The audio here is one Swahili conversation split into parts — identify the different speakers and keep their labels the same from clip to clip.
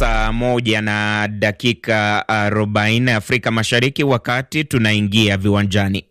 Speaker 1: saa moja na dakika arobaini Afrika Mashariki, wakati tunaingia viwanjani.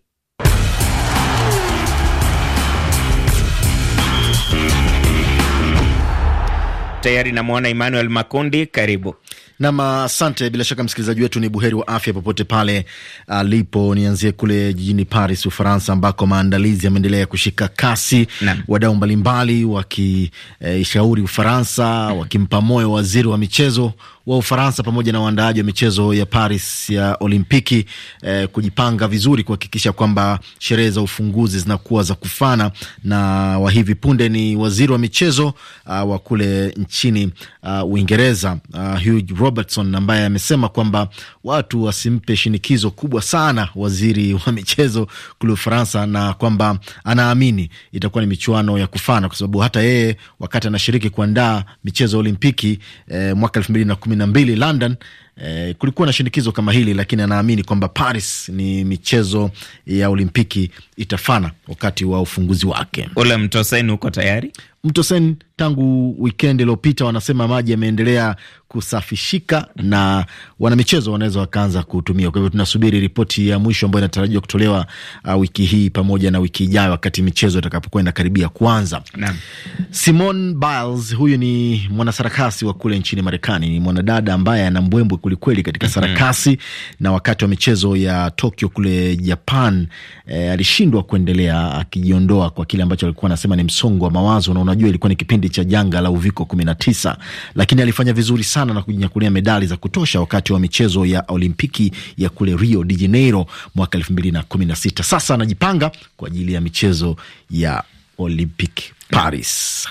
Speaker 1: Tayari namwona Emmanuel Makundi, karibu.
Speaker 2: Nam, asante. Bila shaka msikilizaji wetu ni buheri wa afya popote pale alipo. Nianzie kule jijini Paris, Ufaransa, ambako maandalizi yameendelea kushika kasi, wadau mbalimbali wakishauri e, Ufaransa, mm. wakimpa moyo waziri wa michezo wa Ufaransa pamoja na waandaaji wa michezo ya Paris ya Olimpiki eh, kujipanga vizuri kuhakikisha kwamba sherehe za ufunguzi zinakuwa za kufana. Na wa hivi punde ni waziri wa michezo uh, wa kule nchini uh, Uingereza uh, Hugh Robertson ambaye amesema kwamba watu wasimpe shinikizo kubwa sana waziri wa michezo kule Ufaransa, na kwamba anaamini itakuwa ni michuano ya kufana, kwa sababu hata yeye wakati anashiriki kuandaa michezo ya Olimpiki eh, mwaka elfu mbili na kumi na mbili London E, kulikuwa na shinikizo kama hili, lakini anaamini kwamba Paris ni michezo ya Olimpiki itafana wakati wa ufunguzi wake. Ule mto Sen uko tayari? Mto Sen tangu wikendi iliyopita wanasema maji yameendelea kusafishika na wanamichezo wanaweza wakaanza kutumia. Kwa hivyo tunasubiri ripoti ya mwisho ambayo inatarajiwa kutolewa uh, wiki hii pamoja na wiki ijayo wakati michezo itakapokuwa inakaribia kuanza. Simone Biles, huyu ni mwanasarakasi wa kule nchini Marekani, ni mwanadada ambaye ana mbwembwe kwelikweli katika mhm. sarakasi mm -hmm. na wakati wa michezo ya Tokyo kule Japan e, alishindwa kuendelea akijiondoa kwa kile ambacho alikuwa anasema ni msongo wa mawazo, na unajua ilikuwa ni kipindi cha janga la uviko kumi na tisa, lakini alifanya vizuri sana na kujinyakulia medali za kutosha wakati wa michezo ya Olimpiki ya kule Rio de Janeiro mwaka elfu mbili na kumi na sita. Sasa anajipanga kwa ajili ya michezo ya Olympic Paris.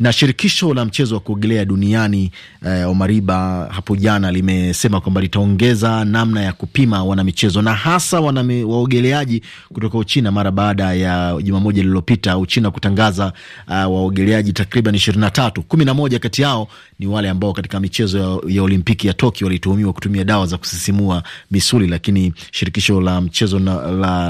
Speaker 2: Na shirikisho la mchezo wa kuogelea duniani eh, Omariba hapo jana limesema kwamba litaongeza namna ya kupima wanamichezo na hasa wanami, waogeleaji kutoka Uchina mara baada ya juma moja lililopita Uchina kutangaza uh, waogeleaji takriban ishirini na tatu, kumi na moja kati yao ni wale ambao katika michezo ya, ya Olimpiki ya Tokyo walituhumiwa kutumia dawa za kusisimua misuli, lakini shirikisho la mchezo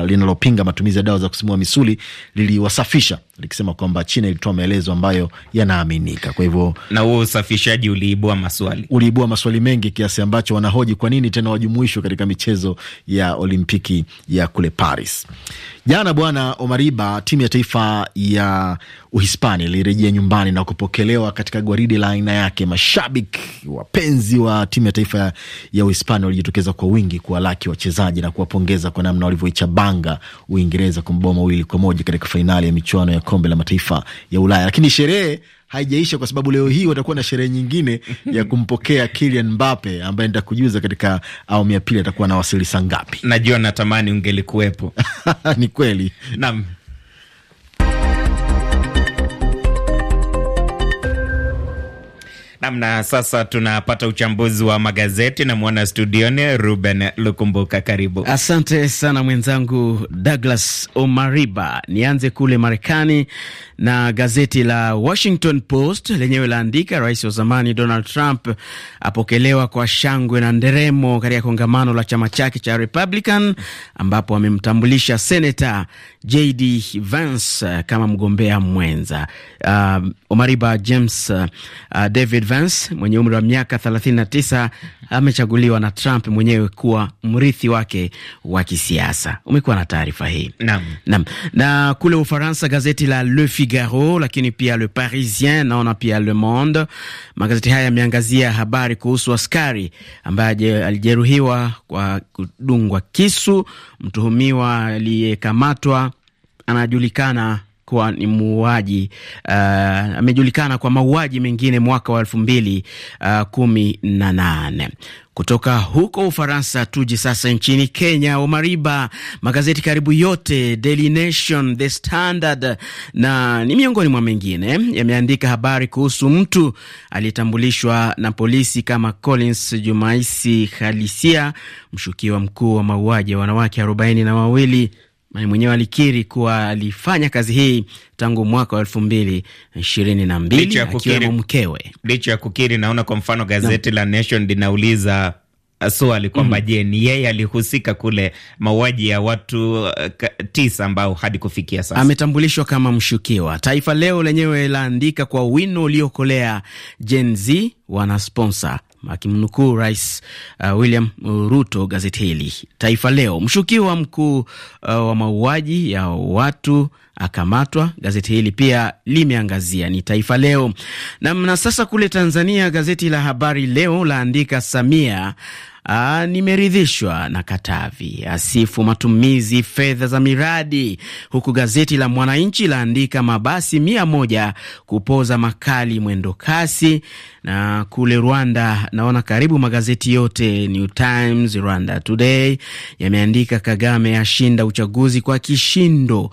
Speaker 2: linalopinga matumizi ya dawa za kusisimua misuli liliwasafisha likisema kwamba China ilitoa maelezo ambayo yanaaminika. Kwa hivyo,
Speaker 1: na huo usafishaji
Speaker 2: uliibua maswali, uliibua maswali mengi kiasi ambacho wanahoji kwa nini tena wajumuishwe katika michezo ya Olimpiki ya kule Paris. Jana bwana Omariba, timu ya taifa ya uhispani ilirejea nyumbani na kupokelewa katika gwaridi la aina yake. Mashabiki wapenzi wa timu ya taifa ya uhispani walijitokeza kwa wingi kuwalaki wachezaji na kuwapongeza kwa namna walivyoichabanga Uingereza kwa mabao mawili kwa moja katika fainali ya michuano ya kombe la mataifa ya Ulaya, lakini sherehe haijaisha, kwa sababu leo hii watakuwa na sherehe nyingine ya kumpokea Kylian Mbappe ambaye nitakujuza katika awamu ya pili atakuwa na wasili saa ngapi. Najua natamani ungelikuwepo. Ni kweli. Naam.
Speaker 1: namna. Sasa tunapata uchambuzi wa magazeti na mwana studioni Ruben Lukumbuka, karibu.
Speaker 3: Asante sana mwenzangu Douglas Omariba. Nianze kule Marekani na gazeti la Washington Post lenyewe laandika rais wa zamani Donald Trump apokelewa kwa shangwe na nderemo katika kongamano la chama chake cha Republican ambapo amemtambulisha senata JD Vance kama mgombea mwenza. Um, Omariba James uh, uh, David Vance mwenye umri wa miaka 39 amechaguliwa na Trump mwenyewe kuwa mrithi wake wa kisiasa. Umekuwa na taarifa hii naam. Naam. Na kule Ufaransa, gazeti la Le Figaro lakini pia Le Parisien, naona pia Le Monde, magazeti haya yameangazia habari kuhusu askari ambaye alijeruhiwa kwa kudungwa kisu. Mtuhumiwa aliyekamatwa anajulikana alikuwa ni muuaji uh, amejulikana kwa mauaji mengine mwaka wa elfu mbili uh, kumi na nane. Kutoka huko Ufaransa tuji sasa nchini Kenya. Omariba, magazeti karibu yote Daily Nation, The Standard na ni miongoni mwa mengine yameandika habari kuhusu mtu aliyetambulishwa na polisi kama Collins Jumaisi Halisia, mshukiwa mkuu wa mauaji ya wanawake arobaini na wawili Mani mwenyewe alikiri kuwa alifanya kazi hii
Speaker 1: tangu mwaka wa elfu mbili ishirini na mbili akiwemo mkewe. Licha ya kukiri, naona kwa mfano gazeti la Nation linauliza uh, swali kwamba mm Je, ni yeye alihusika kule mauaji ya watu uh, tisa ambao hadi kufikia sasa
Speaker 3: ametambulishwa kama mshukiwa. Taifa Leo lenyewe laandika kwa wino uliokolea, Gen Z wanasponsa akimnukuu Rais uh, William uh, Ruto gazeti hili Taifa Leo. Mshukiwa mkuu uh, wa mauaji ya watu akamatwa. Gazeti hili pia limeangazia ni Taifa Leo nam. Na sasa kule Tanzania, gazeti la Habari Leo laandika Samia Aa, uh, nimeridhishwa na Katavi asifu matumizi fedha za miradi, huku gazeti la Mwananchi laandika mabasi mia moja kupoza makali mwendo kasi, na kule Rwanda naona karibu magazeti yote New Times, Rwanda Today yameandika Kagame ashinda uchaguzi kwa kishindo,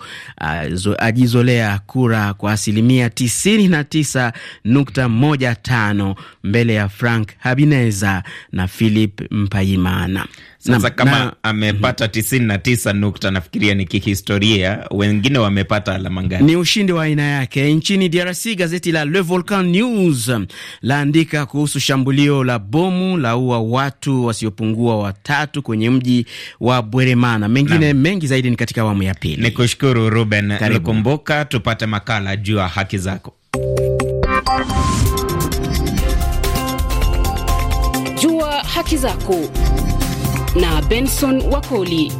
Speaker 3: ajizolea kura kwa asilimia 99.15 mbele ya Frank Habineza na Philip Mpayimana.
Speaker 1: Sasa kama na, amepata 99 mhm. nukta, nafikiria ni kihistoria. Wengine wamepata alama Ni
Speaker 3: ushindi wa aina yake. Nchini DRC, gazeti la Le Volcan News la laandika kuhusu shambulio la bomu la ua watu wasiopungua watatu kwenye mji wa Bweremana. Mengine na mengi zaidi ni katika awamu ya pili. Ni kushukuru Ruben nikumbuka
Speaker 1: Tupate makala juu ya haki zako,
Speaker 3: jua haki zako na Benson Wakoli.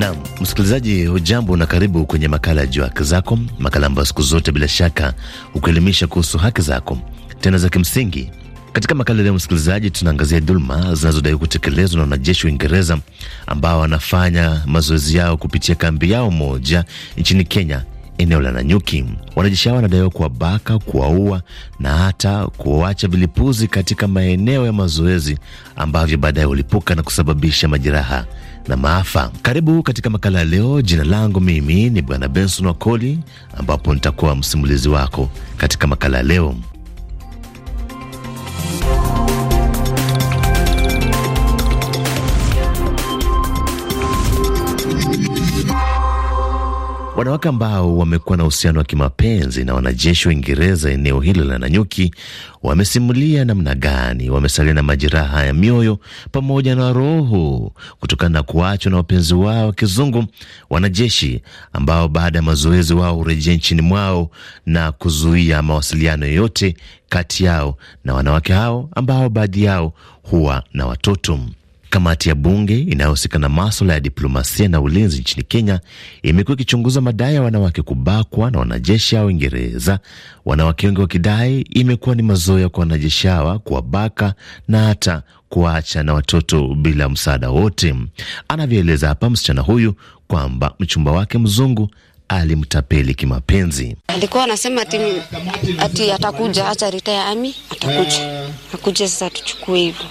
Speaker 4: nam msikilizaji, hujambo na karibu kwenye makala ya Jua Haki Zako, makala ambayo siku zote bila shaka hukuelimisha kuhusu haki zako tena za kimsingi. Katika makala leo, msikilizaji, tunaangazia dhuluma zinazodaiwa kutekelezwa na wanajeshi wa Uingereza ambao wanafanya mazoezi yao kupitia kambi yao moja nchini Kenya eneo la Nanyuki. Wanajeshi hao wanadaiwa kuwabaka, kuwaua na hata kuwaacha vilipuzi katika maeneo ya mazoezi ambavyo baadaye hulipuka na kusababisha majeraha na maafa. Karibu katika makala ya leo. Jina langu mimi ni Bwana Benson Wakoli, ambapo nitakuwa msimulizi wako katika makala ya leo. Wanawake ambao wamekuwa na uhusiano wa kimapenzi na wanajeshi wa Uingereza eneo hilo la Nanyuki wamesimulia namna gani wamesalia na majeraha ya mioyo pamoja na roho kutokana na kuachwa na wapenzi wao wa kizungu, wanajeshi ambao baada ya mazoezi wao hurejea nchini mwao na kuzuia mawasiliano yoyote kati yao na wanawake hao ambao baadhi yao huwa na watoto. Kamati ya bunge inayohusika na maswala ya diplomasia na ulinzi nchini Kenya imekuwa ikichunguza madai ya wanawake kubakwa na wanajeshi hao Uingereza, wanawake wengi wakidai imekuwa ni mazoea kwa wanajeshi hawa kuwabaka na hata kuacha na watoto bila msaada wote. Anavyoeleza hapa msichana huyu kwamba mchumba wake mzungu alimtapeli kimapenzi.
Speaker 3: Alikuwa anasema ati, ati atakuja, acha ritaya ami
Speaker 4: atakuja,
Speaker 3: akuja sasa tuchukue hivyo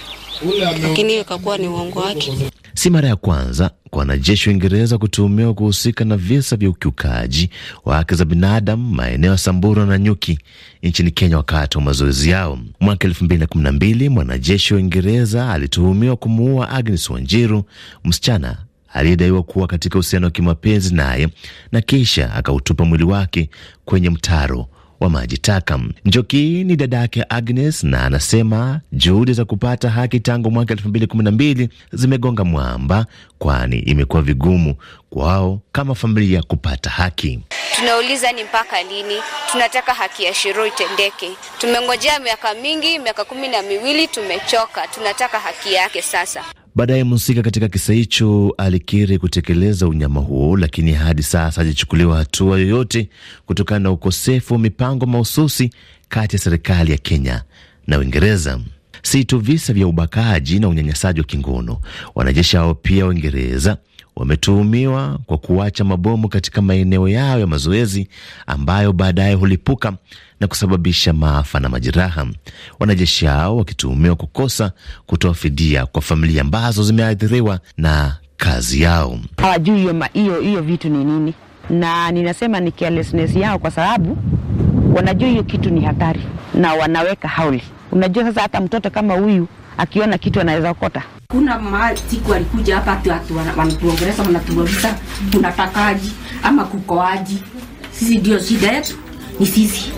Speaker 3: lakini hiyo ikakuwa ni uongo wake.
Speaker 4: Si mara ya kwanza kwa wanajeshi wa Uingereza kutuhumiwa kuhusika na visa vya ukiukaji wa haki za binadamu maeneo ya Samburu na Nyuki nchini Kenya wakati wa mazoezi yao. Mwaka elfu mbili na kumi na mbili mwanajeshi wa Uingereza alituhumiwa kumuua Agnes Wanjiru, msichana aliyedaiwa kuwa katika uhusiano wa kimapenzi naye na kisha akautupa mwili wake kwenye mtaro wa maji taka. Njoki ni dada yake Agnes na anasema juhudi za kupata haki tangu mwaka elfu mbili kumi na mbili zimegonga mwamba, kwani imekuwa vigumu kwao kama familia kupata haki.
Speaker 3: Tunauliza, ni mpaka lini? Tunataka haki ya Shiro itendeke. Tumengojea miaka mingi, miaka kumi na miwili, tumechoka. Tunataka haki yake sasa.
Speaker 4: Baadaye mhusika katika kisa hicho alikiri kutekeleza unyama huo, lakini hadi sasa hajachukuliwa hatua yoyote kutokana na ukosefu wa mipango mahususi kati ya serikali ya Kenya na Uingereza. Si tu visa vya ubakaji na unyanyasaji wa kingono, wanajeshi hao pia Waingereza wametuhumiwa kwa kuacha mabomu katika maeneo yao ya mazoezi ambayo baadaye hulipuka na kusababisha maafa na majeraha, wanajeshi hao wakituhumiwa kukosa kutoa fidia kwa familia ambazo zimeathiriwa na kazi yao.
Speaker 1: Hawajui hiyo hiyo vitu ni nini, na ninasema ni carelessness yao, kwa sababu wanajua hiyo kitu ni hatari na wanaweka hauli. Unajua sasa, hata mtoto kama huyu akiona kitu anaweza okota.
Speaker 3: Kuna mahali siku alikuja hapa wanatuongeleza, wanatuuliza kuna takaji ama kukoaji. Sisi ndio shida yetu ni sisi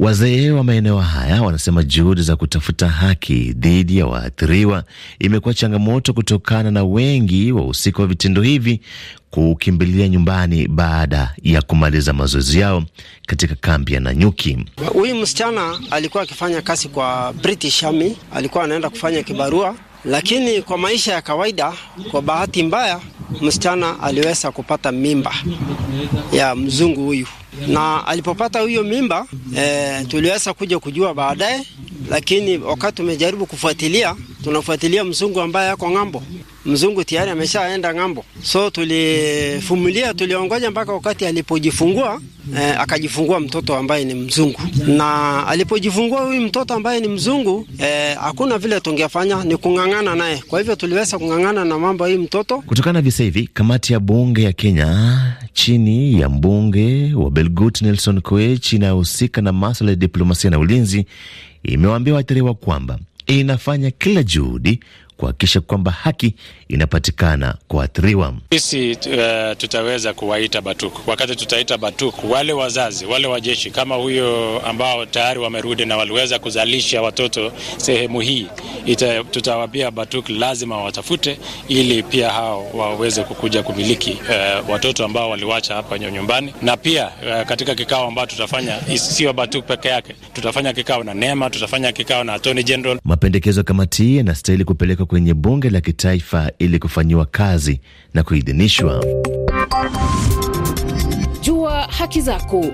Speaker 4: Wazee wa maeneo haya wanasema juhudi za kutafuta haki dhidi ya waathiriwa imekuwa changamoto kutokana na wengi wa usiku wa vitendo hivi kukimbilia nyumbani baada ya kumaliza mazoezi yao katika kambi ya Nanyuki.
Speaker 3: Huyu msichana alikuwa akifanya kazi kwa British Army, alikuwa anaenda kufanya kibarua, lakini kwa maisha ya kawaida, kwa bahati mbaya, msichana aliweza kupata mimba ya mzungu huyu na alipopata huyo mimba e, tuliweza kuja kujua baadaye, lakini wakati tumejaribu kufuatilia tunafuatilia mzungu ambaye ako ng'ambo. Mzungu tayari ameshaenda ng'ambo, so tulifumilia, tuliongoja mpaka wakati alipojifungua. Eh, akajifungua mtoto ambaye ni mzungu, na alipojifungua huyu mtoto ambaye ni mzungu eh, hakuna eh, vile tungefanya, ni kung'ang'ana naye. Kwa hivyo tuliweza kung'ang'ana na mambo hii mtoto.
Speaker 4: Kutokana na visa hivi, kamati ya bunge ya Kenya chini ya mbunge wa Belgut Nelson Koech inayohusika na maswala ya diplomasia na ulinzi imewaambia waathiriwa kwamba inafanya kila juhudi kuhakikisha kwamba haki inapatikana kwa athiriwa. Sisi uh, tutaweza kuwaita Batuku. Wakati tutaita Batuku, wale wazazi wale wajeshi kama huyo ambao tayari wamerudi na waliweza kuzalisha watoto sehemu hii, tutawapia Batuku, lazima watafute ili pia hao waweze kukuja kumiliki uh, watoto ambao waliwacha hapa nyumbani, na pia uh, katika kikao ambao tutafanya sio Batuku peke yake, tutafanya kikao na Nema, tutafanya kikao na Attorney General. Mapendekezo kamati hii yanastahili kupeleka kwenye bunge la kitaifa ili kufanyiwa kazi na kuidhinishwa.
Speaker 3: Jua haki zako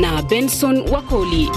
Speaker 3: na Benson Wakoli.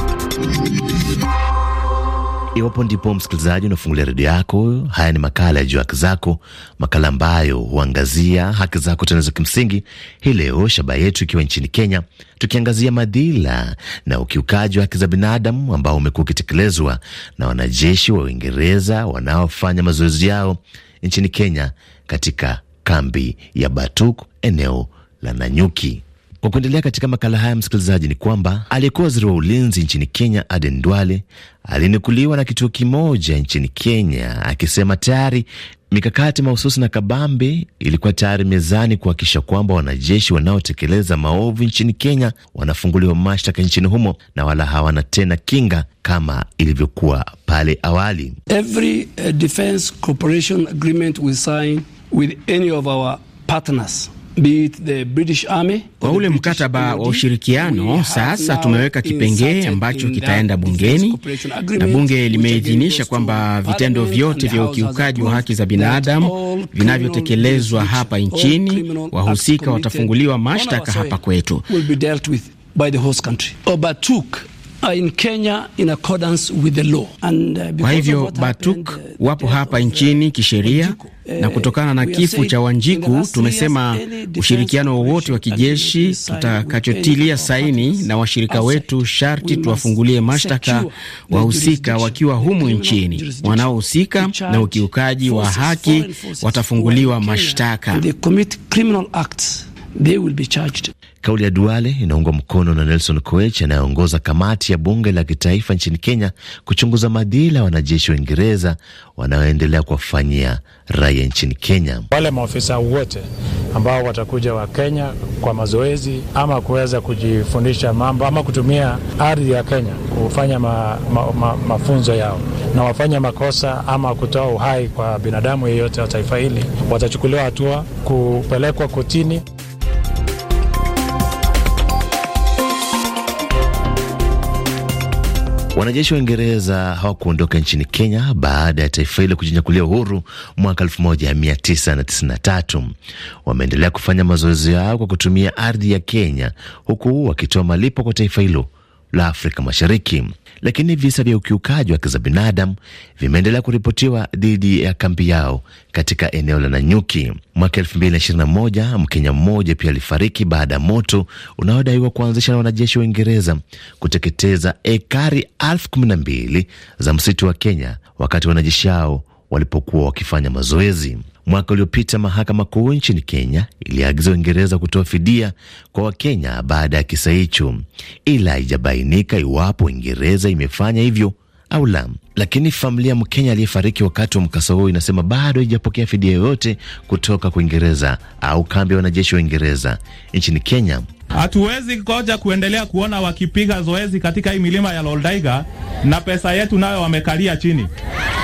Speaker 4: Iwapo ndipo msikilizaji unafungulia redio yako, haya ni makala ya Jua Haki Zako, makala ambayo huangazia haki zako tena za kimsingi. Hii leo shabaha yetu ikiwa nchini Kenya, tukiangazia madhila na ukiukaji wa haki za binadamu ambao umekuwa ukitekelezwa na wanajeshi wa Uingereza wanaofanya mazoezi yao nchini Kenya katika kambi ya Batuk, eneo la Nanyuki. Kwa kuendelea katika makala haya, msikilizaji, ni kwamba aliyekuwa waziri wa ulinzi nchini Kenya Aden Duale alinukuliwa na kituo kimoja nchini Kenya akisema tayari mikakati mahususi na kabambe ilikuwa tayari mezani kuhakikisha kwamba wanajeshi wanaotekeleza maovu nchini Kenya wanafunguliwa mashtaka nchini humo na wala hawana tena kinga kama ilivyokuwa pale awali.
Speaker 3: Every eh, defense cooperation agreement we sign with any of our partners The British Army, kwa ule mkataba wa ushirikiano sasa tumeweka kipengee ambacho kitaenda bungeni na bunge limeidhinisha kwamba vitendo vyote vya ukiukaji wa haki za binadamu vinavyotekelezwa hapa nchini, wahusika watafunguliwa mashtaka hapa kwetu. Uh, in Kenya in accordance with the law. And, uh, kwa hivyo Batuk uh, wapo hapa uh, nchini kisheria na kutokana na kifo cha Wanjiku tumesema ushirikiano wowote wa kijeshi tutakachotilia saini na washirika wetu sharti tuwafungulie mashtaka wahusika wakiwa humu nchini.
Speaker 4: Wanaohusika na ukiukaji wa haki watafunguliwa mashtaka they will be charged. Kauli ya Duale inaungwa mkono na Nelson Koech anayeongoza kamati ya bunge la kitaifa nchini Kenya kuchunguza madhila ya wanajeshi wa Uingereza wanaoendelea kuwafanyia raia nchini Kenya. Wale maofisa wote ambao watakuja wa Kenya kwa mazoezi ama kuweza kujifundisha mambo ama kutumia ardhi ya Kenya kufanya ma, ma, ma, mafunzo yao na wafanya makosa ama kutoa uhai kwa binadamu yeyote wa taifa hili, watachukuliwa hatua kupelekwa kotini. Wanajeshi wa Uingereza hawakuondoka nchini Kenya baada ya taifa hilo kujinyakulia uhuru mwaka 1993. Wameendelea kufanya mazoezi yao kwa kutumia ardhi ya Kenya, huku wakitoa malipo kwa taifa hilo la Afrika Mashariki lakini visa vya ukiukaji wa haki za binadamu vimeendelea kuripotiwa dhidi ya kambi yao katika eneo la Nanyuki. Mwaka moja Mkenya mmoja pia alifariki baada ya moto unaodaiwa kuanzisha na wanajeshi wa Uingereza kuteketeza ekari elfu kumi na mbili za msitu wa Kenya wakati wanajeshi hao walipokuwa wakifanya mazoezi. Mwaka uliopita mahakama kuu nchini Kenya iliagiza Uingereza kutoa fidia kwa Wakenya baada ya kisa hicho, ila haijabainika iwapo Uingereza imefanya hivyo au la. Lakini familia Mkenya aliyefariki wakati wa mkasa huo inasema bado haijapokea fidia yoyote kutoka kwa au kambi ya wanajeshi wa Uingereza nchini Kenya.
Speaker 1: Hatuwezi koja kuendelea kuona wakipiga zoezi katika hii milima ya Loldaiga na pesa yetu nayo wamekalia chini.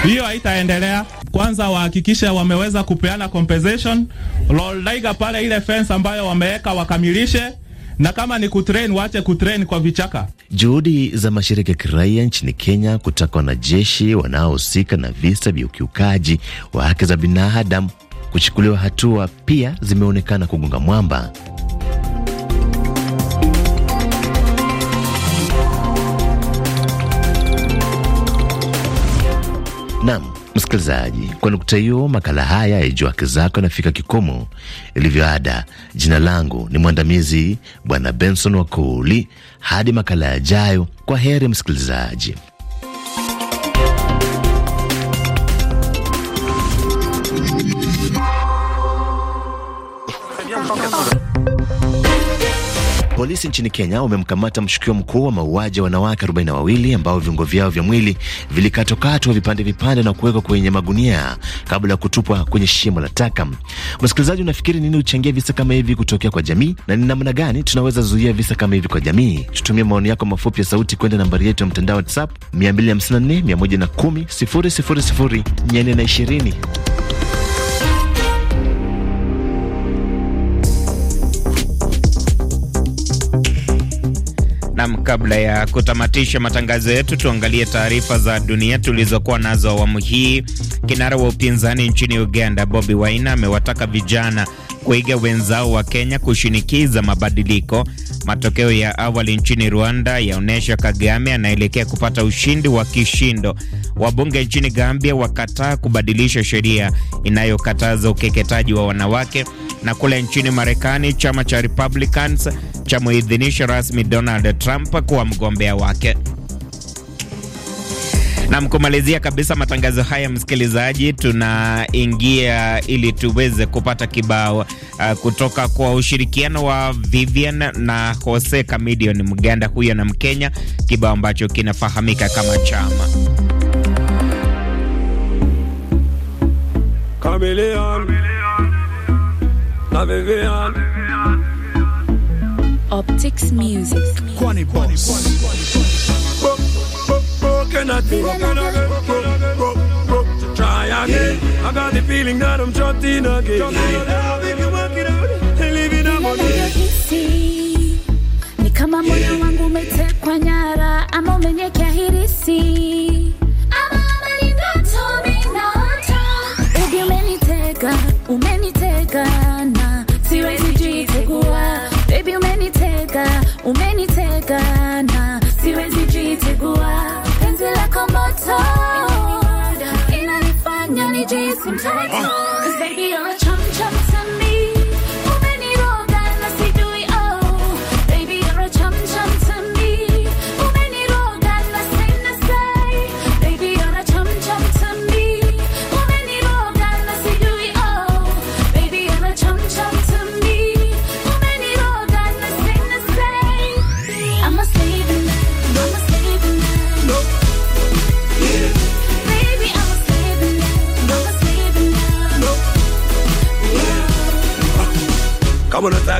Speaker 1: Hiyo haitaendelea. Kwanza wahakikishe wameweza kupeana compensation Loldaiga, pale ile fence ambayo wameweka wakamilishe na kama ni kutrain waache kutrain kwa vichaka.
Speaker 4: Juhudi za mashirika ya kiraia nchini Kenya kutaka wanajeshi wanaohusika na visa vya ukiukaji wa haki za binadamu kuchukuliwa hatua pia zimeonekana kugonga mwamba. Naam. Msikilizaji, kwa nukta hiyo, makala haya ya Jua Haki Zako yanafika kikomo. Ilivyoada, jina langu ni mwandamizi Bwana Benson Wakuli. Hadi makala yajayo, kwa heri msikilizaji. Polisi nchini Kenya wamemkamata mshukiwa mkuu wa mauaji ya wanawake 42 ambao viungo vyao vya mwili vilikatokatwa vipande vipande na kuwekwa kwenye magunia kabla ya kutupwa kwenye shimo la taka. Msikilizaji, unafikiri nini huchangia visa kama hivi kutokea kwa jamii na ni namna gani tunaweza zuia visa kama hivi kwa jamii? Tutumie maoni yako mafupi ya sauti kwenda nambari yetu ya mtandao WhatsApp 254 110 000 420.
Speaker 1: Nam, kabla ya kutamatisha matangazo yetu, tuangalie taarifa za dunia tulizokuwa nazo awamu hii. Kinara wa upinzani nchini Uganda Bobi Wine amewataka vijana kuiga wenzao wa Kenya kushinikiza mabadiliko. Matokeo ya awali nchini Rwanda yaonyesha Kagame anaelekea kupata ushindi wa kishindo Wabunge nchini Gambia wakataa kubadilisha sheria inayokataza ukeketaji wa wanawake, na kule nchini Marekani chama cha Republicans chamuidhinisha rasmi Donald Trump kuwa mgombea wake. Nam, kumalizia kabisa matangazo haya, msikilizaji, tunaingia ili tuweze kupata kibao uh, kutoka kwa ushirikiano wa Vivian na Jose Camidion Mganda huyo na Mkenya, kibao ambacho kinafahamika kama Chama.
Speaker 5: Chameleon. La Vivian. Optics Music. Quani Boss. Broken at broken try again. I got the feeling that I'm jumping again. i kama moyo wangu umetekwa nyara ama umenyekea hirisi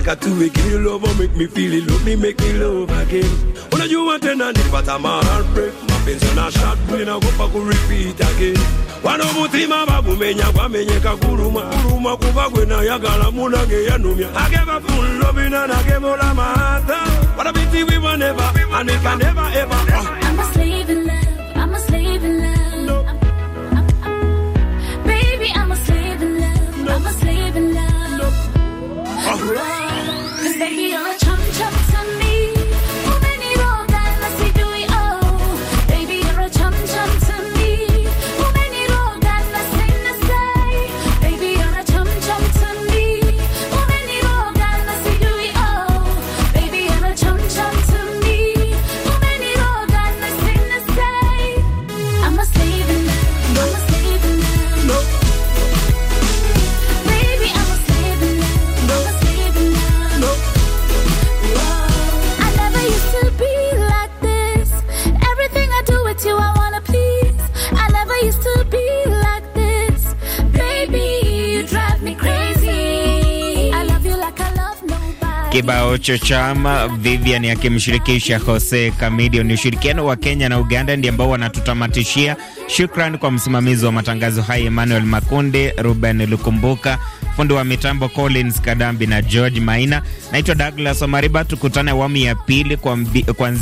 Speaker 3: Cause to make me love and make me feel it, love me, make me love again. What do you want and I need, but I'm a heartbreak. My pins on a shot, when I go back and repeat again. vanomutima vagumenya kwamenya kakuruma kuruma kuva gwenayagala munange yanumya akevafunlovina nakemolamaata vanavitiwivaneva never ever.
Speaker 1: kibao cha chama Vivian akimshirikisha Jose Kamidio. Ni ushirikiano wa Kenya na Uganda ndio ambao wanatutamatishia. Shukran kwa msimamizi wa matangazo haya Emmanuel Makunde, Ruben Lukumbuka, fundi wa mitambo Collins Kadambi na George Maina. Naitwa Douglas Omariba, tukutane awamu ya pili kuanzia